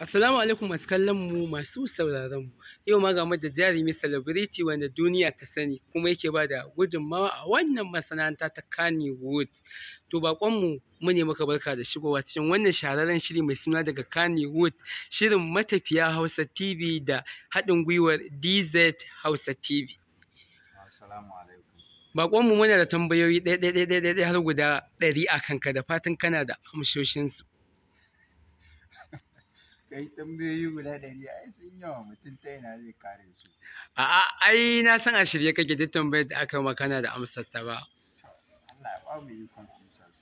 Assalamu alaikum masu kallon mu masu sauraron mu. Yau ma ga da jarumi celebrity wanda duniya ta sani kuma yake ba da gudunmawa a wannan masana'anta ta Kani Wood. To bakon mu mu ne muka barka da shigowa cikin wannan shahararren shiri mai suna daga Kani Wood, shirin matafiya Hausa TV da haɗin gwiwar DZ Hausa TV. Assalamu Bakon mu muna da tambayoyi ɗaya ɗaya ɗaya har guda ɗari a kanka da fatan kana da amshoshinsu. kai tambayoyi guda ɗari ai sun yi wa mutum ta yana zai kare su a'a ai na san a shirye kake duk tambayar da aka maka na da amsar ta ba Allah ya ba mu ikon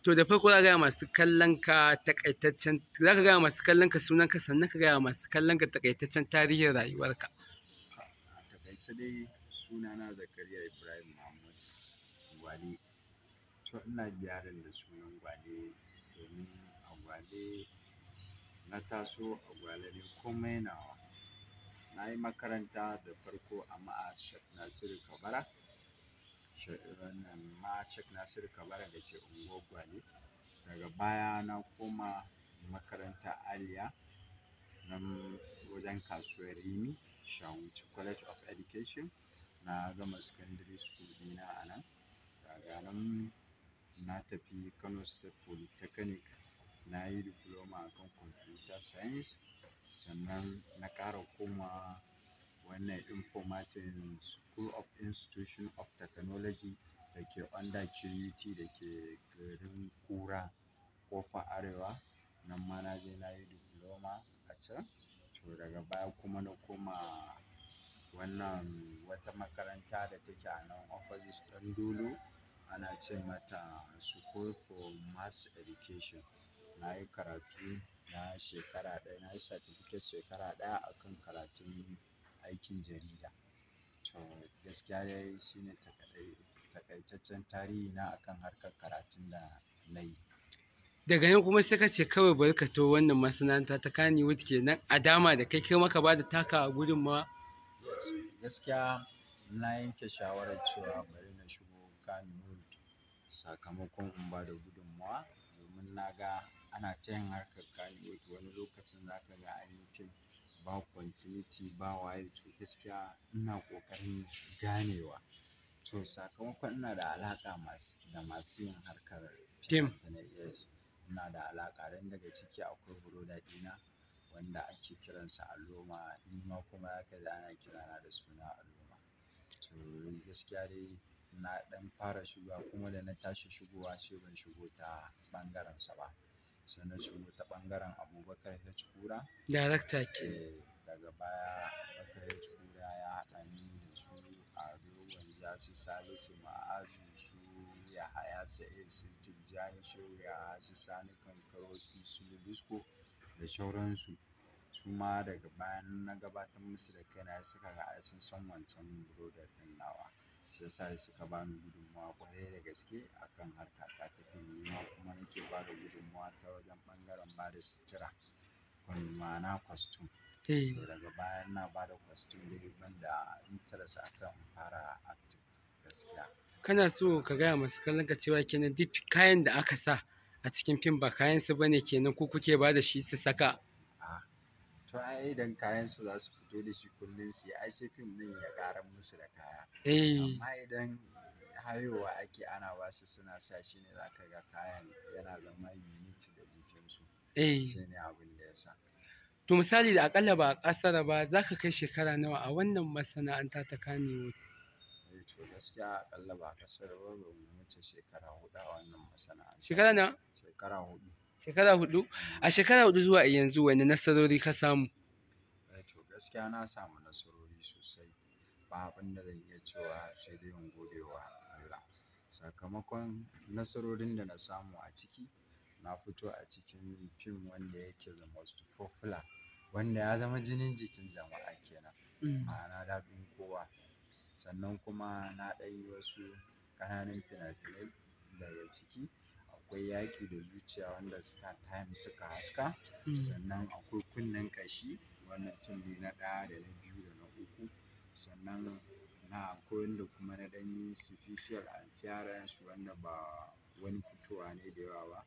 to da farko za ka gaya masu kallon ka takaitaccen za ka gaya masu kallon ka sunan ka sannan ka gaya masu kallon ka takaitaccen tarihin rayuwarka a takaice dai sunana zakariya ibrahim muhammad gwale to ina gyaran da sunan gwale domin a gwale na taso a Gwale komai nawa na yi makaranta da farko a ma'a Sheikh Nasiru Kabara wannan Sheikh Nasiru Kabara da ke unguwar Gwale daga baya na koma makaranta Aliya nan wajen kasuwar Rimi Shawuci College of Education na gama secondary school dina a nan daga nan na tafi Kano State Polytechnic na yi diploma a kan computer science sannan na ƙara koma wannan informatics school of institution of technology da ke under qut da ke garin kura kofa arewa nan ma na je na yi diploma a can to daga baya kuma na koma wannan wata makaranta da take a nan opposite ɗan dolo ana ce mata school for mass education na yi karatu na shekara ɗaya na yi satifiket shekara ɗaya a kan karatun aikin jarida to gaskiya dai shi ne taƙaitaccen tarihi na akan harkar karatun da na yi daga nan kuma sai ka ce kawai bari ka to wannan masana'anta ta kani wut kenan a dama da kai kai maka ba da taka gudunmawa gaskiya na yanke shawarar cewa bari na shigo kani sakamakon in ba da gudunmawa domin na ga ana ta yin harkar kanewood wani lokacin za ka ga an yi fim ba continuity ba waye to gaskiya ina ƙoƙarin ganewa to sakamakon ina da alaƙa masu da masu yin harkar fim ina da alaƙa don daga ciki akwai buroda ɗina wanda ake kiransa Aloma ni ma kuma haka da ana kira na da suna Aloma to gaskiya dai na ɗan fara shigowa kuma da na tashi shigowa sai ban shigo ta ɓangaren sa ba sai na shigo ta ɓangaren Abubakar H. Kura. Darakta ke. Eh, daga baya Abubakar H. Kura ya haɗa ni da su Ado Wanjasi Salisu Ma'azu su Yahaya Sa'id su Tijjani Shehu Yahaya su Sani Kankaro su Disko da sauransu. su ma daga bayan na gabatar musu da kaina suka ga ai sun san wancan burodar ɗin nawa. shi yasa suka bani gudunmawa ƙwarai da gaske akan harka ta tafi nima kuma nake ba da gudunmawa ta wajen ɓangaren ba da sutura um, ma'ana kwastum eh. to daga baya na ba da kwastum dai banda interest akan fara acting gaskiya kana so ka gaya masu kallon ka cewa kenan duk kayan da aka sa a cikin fim ba kayan su bane kenan ko kuke ba da shi su saka to ai idan kayansu za su fito da shi kullum su yi, sai fim din ya ƙara musu da kaya eh. amma idan hayowa ake ana wasu suna sa shi ne za ka ga kayan yana zama unity da jikinsu eh. shi ne abin da ya sa to misali da akalla ba a ƙasar ba za ka kai shekara nawa a wannan masana'anta ta kanewood eh to gaskiya akalla ba a ƙasar ba ba mu wuce shekara hudu a wannan masana'anta shekara na shekara hudu shekara hudu a shekara hudu zuwa yanzu wani nasarori ka samu eh to gaskiya na samu nasarori sosai ba abin da zan iya cewa sai dai in gode wa Allah sakamakon nasarorin da na samu a ciki na fito a cikin fim wanda yake the most popular wanda ya zama jinin jikin jama'a kenan mm. ma'ana daɗin kowa sannan kuma na ɗan wasu ƙananan fina-finai daga ciki akwai yaƙi da zuciya wanda star time suka haska hmm. sannan akwai kunnen ƙashi wannan fim ne na ɗaya da na biyu da na uku sannan na akwai wanda kuma na ɗan yi superficial appearance wanda ba wani fitowa ne da yawa ba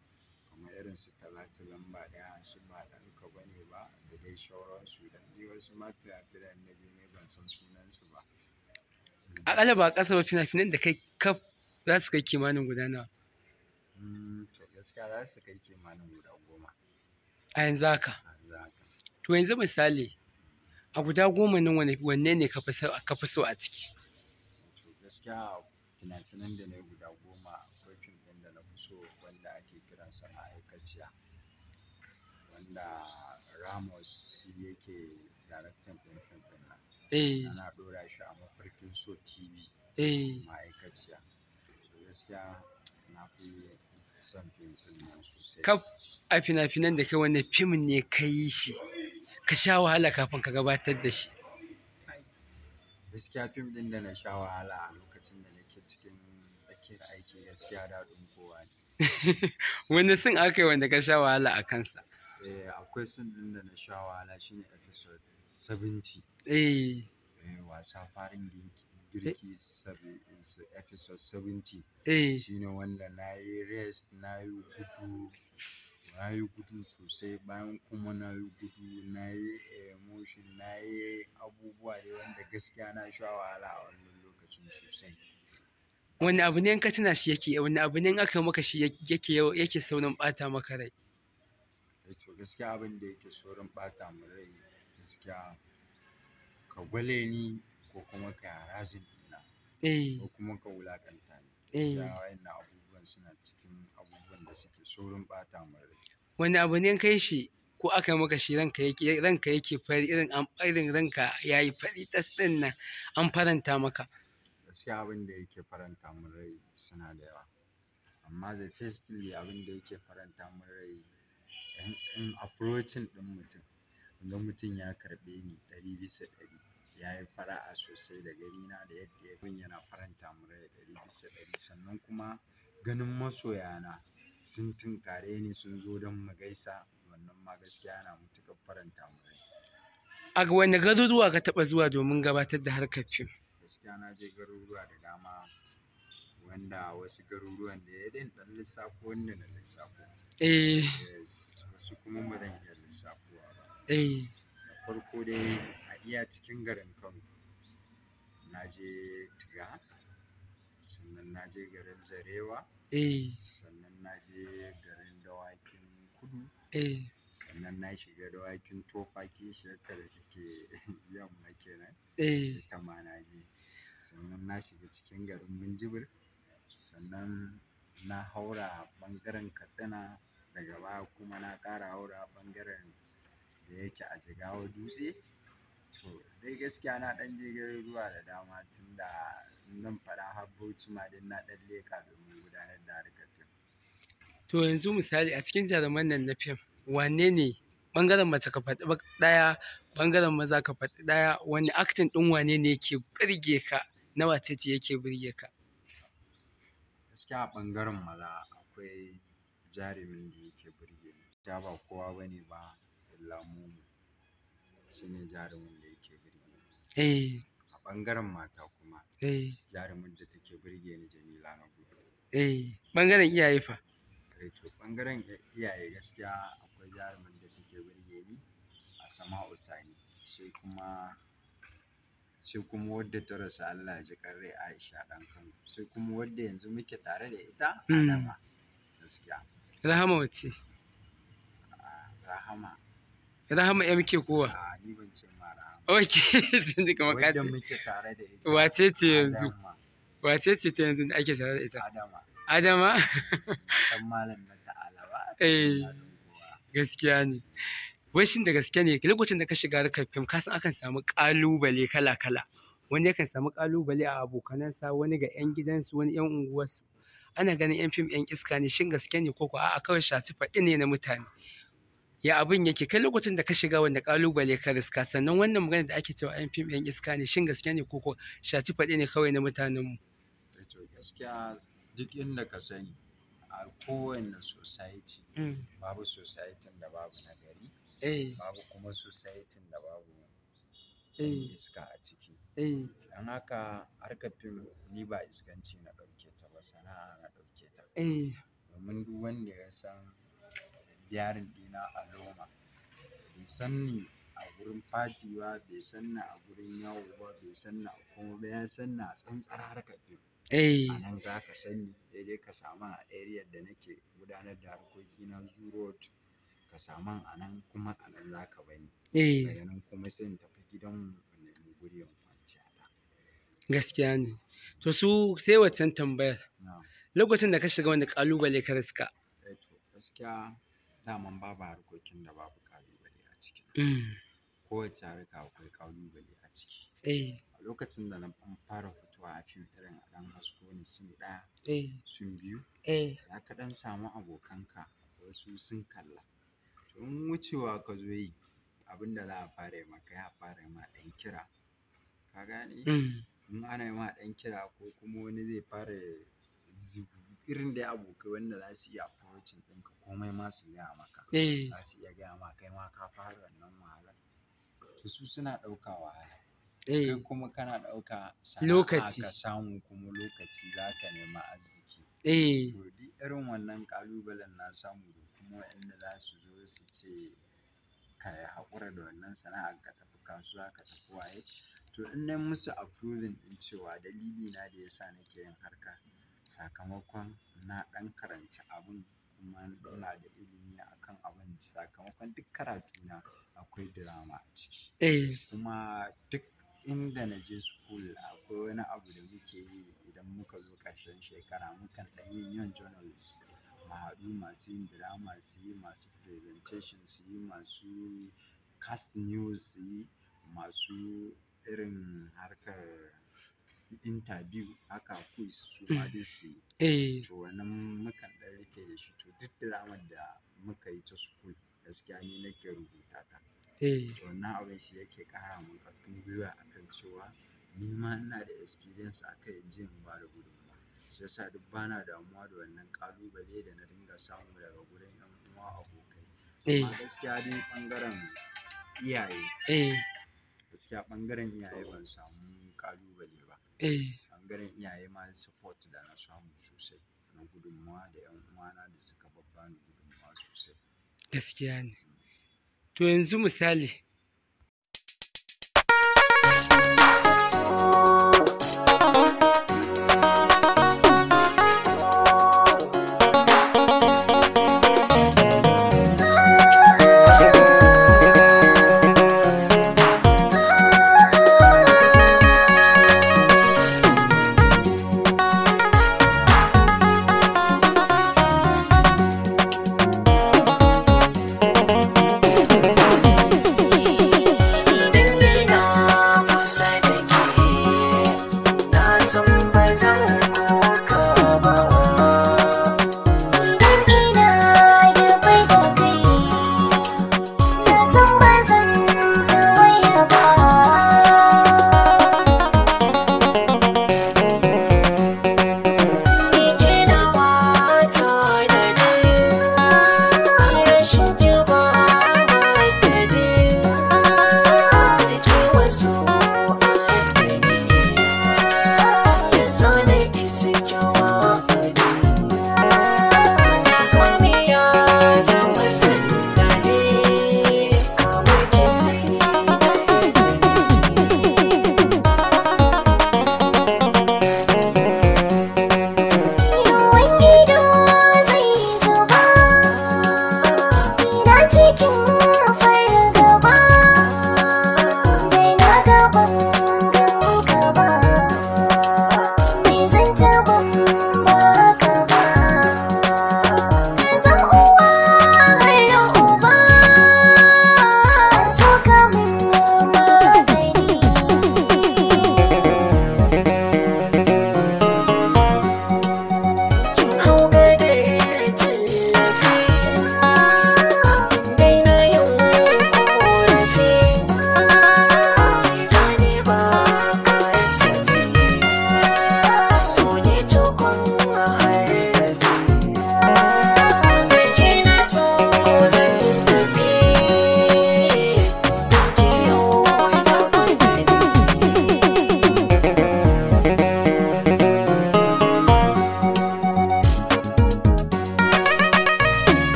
kamar irin su talatu lamba ɗaya su ba ɗanka ba ne ba da dai shauransu da ni wasu mafiya filan na je ne ban san sunansu ba. akalla ba a ƙasa ba fina-finan da kai kaf za su kai kimanin gudana. Mm, to gaskiya za su kai kimanin guda goma a yanzu haka to yanzu misali a guda goma nan wanne ne ka fi so a ciki gaskiya fina-finan da na yi guda goma akwai fim da na fi so wanda ake ma'aikaciya wanda ramos shi yake daraktan ɗin eh. ana ɗora shi a mafarkin so tv eh. ma'aikaciya gaskiya na fi kaf a fina-finan da kai wanne fim ne ka yi shi ka sha wahala kafin ka gabatar da shi gaskiya fim din a lokacin cikin tsakiyar aiki gaskiya wanda ka sha wahala a kansa eh, akwai sun din da na sha wahala shine episode 70 eh, eh girki eh. episode 70 eh shine wanda na yi rest na yi gudu na yi gudu sosai bayan kuma na yi gudu na yi emotion na yi abubuwa da wanda gaskiya na sha wahala a wannan lokacin sosai wani abu ne in ka tuna shi yake wani abu ne in aka maka shi yake yake saurin bata maka rai eh to gaskiya abin da yake saurin bata maka rai gaskiya ka gwale ni ko kuma ka razin ina eh. ko kuma ka wulakanta ni da eh. wayannan abubuwan suna cikin abubuwan da suke saurin bata min rai wani abu ne kai shi ko aka maka shi ranka yake ranka yake fari irin an irin ranka yayi fari tas din nan an faranta maka gaskiya abin da yake faranta min rai suna da yawa amma the firstly abin da yake faranta min rai in approaching din mutum ga mutum ya karɓe ni ɗari bisa ɗari ya yi fara'a sosai da gani na da yadda ya gun yana faranta mu rai ɗari bisa ɗari sannan kuma ganin masoyana sun tunkare ni sun zo don mu gaisa wannan ma gaskiya yana mutuƙar faranta mu rai a wani garuruwa ka taɓa zuwa domin gabatar da harkar fim gaskiya na je garuruwa da dama wanda wasu garuruwan da ya din ɗan lissafo wanda na lissafo eh wasu kuma ba zan iya lissafowa ba eh da farko dai iya cikin garin Kano na je Tiga sannan na je garin Zarewa eh. sannan na je garin Dawakin Kudu eh. sannan na shiga Dawakin Tofa kishiyarta da take yamma kenan eh. ita ma na je sannan na shiga cikin garin Minjibir sannan na haura ɓangaren Katsina daga baya kuma na ƙara haura ɓangaren da yake a Jigawa Dutse To dai gaskiya na ɗan je ruwa da dama tun da nan fara har Bauchi ma na ɗan leƙa domin gudanar da harkar fim. To yanzu misali a cikin jaruman nan na fim wane ne ɓangaren mace ka faɗi ɗaya ɓangaren maza ka faɗi ɗaya wani aktin ɗin wane ne yake birge ka na wace ce yake birge ka? Gaskiya a ɓangaren maza akwai jarumin da yake birge ni. ba kowa bane ba lamu mu. shine jarumin da yake birge ni eh. a ɓangaren mata kuma eh. jarumin da take birge ni Jamila na gudu eh. ɓangaren iyaye fa to ɓangaren iyaye gaskiya akwai jarumin da take birge ni a Sama'u Sani sai kuma sai kuma wadda ta rasu Allah ya ji rai Aisha ɗan Kano sai kuma wadda yanzu muke tare da ita hmm. Adama gaskiya Rahama wacce ah, Rahama rahama ya muke kowa ok sun ji kamar kace wace ce yanzu wace ce ta yanzu da ake tare da ita adama eh gaskiya ne washin da gaske ne lokacin da ka shiga harkar fim ka san akan samu ƙalubale kala kala wani yakan samu ƙalubale a abokanansa wani ga yan gidansu wani yan unguwarsu ana ganin yan fim yan iska ne shin gaske ne koko? a'a kawai shaci faɗi ne na mutane ya abin yake kai lokacin da ka shiga wanda kalubale ka riska sannan wannan magana da ake cewa fim yan iska ne shin gaskiya ne koko shati faɗi ne kawai na mutanen mu eh gaskiya duk inda ka sani a kowane society mm. babu society da babu nagari eh. babu kuma society da babu eh. iska a ciki don haka harkar fim ni ba iskanci na ɗauke ta ba sana'a na ɗauke ta domin duk wanda ya san biyarin ɗina a loma bai san ni a gurin fati ba bai san ni a gurin yawo ba bai san ni a kuma ba ya san ni a tsantsar harkar ido eh. Anan za ka sani daidai ka samu a area da nake gudanar da harkoki na zoo road ka samu a nan kuma a nan za ka bani eh. daga nan kuma sai in tafi gidan mu nemi guri in kwanciya ta gaskiya ne to su sai waccan tambayar lokacin da ka shiga wani kalubale ka riska eh gaskiya daman babu harkokin da babu kalubale a ciki mm. kowace harka akwai kalubale a ciki eh. a lokacin da na fara fitowa a fim irin ɗan hasko ne sun ɗaya eh. sun biyu eh. za ka ɗan samu abokanka wasu sun kalla in wucewa ka zo yi abin da za a fara yi maka ya fara yi ma ɗan kira ka gane mm. in ana yi ma ɗan kira ko kuma wani zai fara zubu irin da abokai wanda za su iya approaching ɗinka komai ma su gaya maka eh. za su iya gaya ma kai ma ka fara wannan wahalar to su suna ɗauka wahala eh kuma kana ɗauka lokaci ka samu kuma lokaci za ka nema arziki eh to duk irin wannan ƙalubalen na samu da kuma waɗanda za su zo su ce ka haƙura da wannan sana'ar ka tafi kasuwa ka tafi waye to in nan musu approving ɗin cewa dalili na da yasa nake yin harka sakamakon na ɗan karanci abun kuma ina da ilimi akan abun sakamakon duk karatu na akwai drama a ciki eh. kuma duk inda na je school akwai wani abu da muke yi idan muka zo ƙarshen shekara mukan ɗan yin yan journalist mu haɗu masu yin drama su yi masu presentation su yi masu cast news su yi masu irin harkar interview haka quiz su ma mm. duk su yi eh. to wannan mukan ɗan rike da shi to duk diramar da muka yi ta school gaskiya ni nake rubuta ta eh. to wannan abin shi yake ƙara min ƙarfin gwiwa akan cewa ni ma ina da experience a kai jin ba da gudunma shi yasa duk bana damuwa da wannan ƙalubale da na dinga samu daga gurin 'yan uwa abokai amma eh. gaskiya dai ɓangaren iyaye gaskiya ɓangaren iyaye ban samu ƙalubale ba eh. ɓangaren iyaye ma support da na samu sosai na gudunmawa da ƴan uwana da suka babbani gudunmawa sosai gaskiya ne to yanzu misali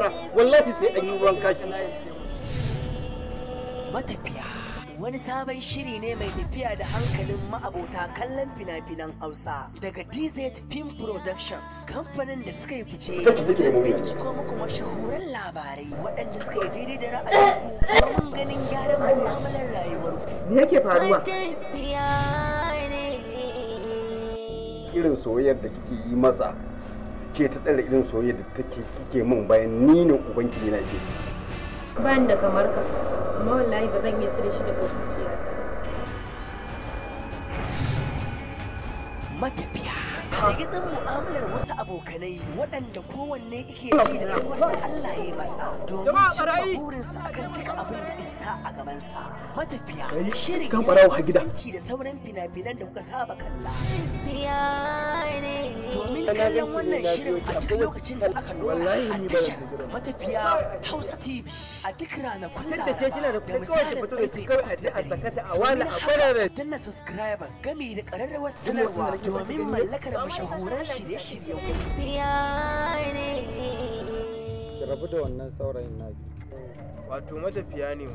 gyara wallahi sai an yi ruwan kaki matafiya wani sabon shiri ne mai tafiya da hankalin ma'abota kallon fina-finan hausa daga dz film productions kamfanin da suka yi fice wajen binciko muku mashahuran labarai waɗanda suka yi daidai da ra'ayinku domin ganin gyaran mu'amalar rayuwar. me yake faruwa irin soyayyar da kike yi masa ce ta ɗara irin soyayya da take kike min bayan ni ne ubangiji na ke ban da kamar ka amma wallahi ba zan iya cire shi daga zuciya matafiya shigidin mu'amalar wasu abokanai waɗanda kowanne ike ji da kawar da Allah ya masa domin cimma burinsa akan duka abin da isa a gabansa matafiya shirin yawanci da sauran fina-finan da kuka saba kalla domin kallon wannan shirin a duk lokacin da aka dora a tashar matafiya hausa tv a duk ranakun laraba da misalin karfe takwas na dare domin haka danna subscriber gami da ƙararrawar sanarwa domin mallakar mashahuran shirye-shiryen rabu da wannan saurayin naki wato matafiya ne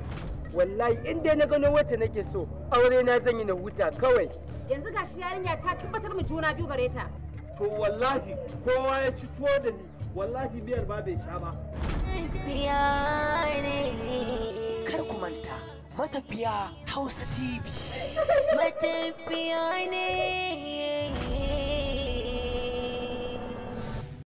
wallahi inda na gano wacce nake so aure na zan yi na huta kawai yanzu gashi yarinya ta tabbatar mu juna biyu gare ta to wallahi kowa ya ci tuwo da ni wallahi biyar ba bai sha ba kar ku manta matafiya hausa tv matafiya ne